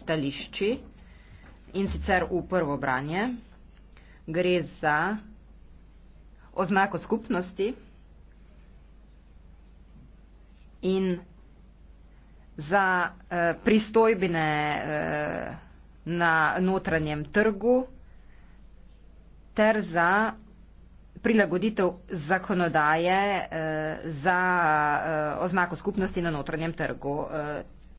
stališči in sicer v prvo branje. Gre za oznako skupnosti in za eh, pristojbine eh, na notranjem trgu ter za prilagoditev zakonodaje eh, za eh, oznako skupnosti na notranjem trgu. Eh,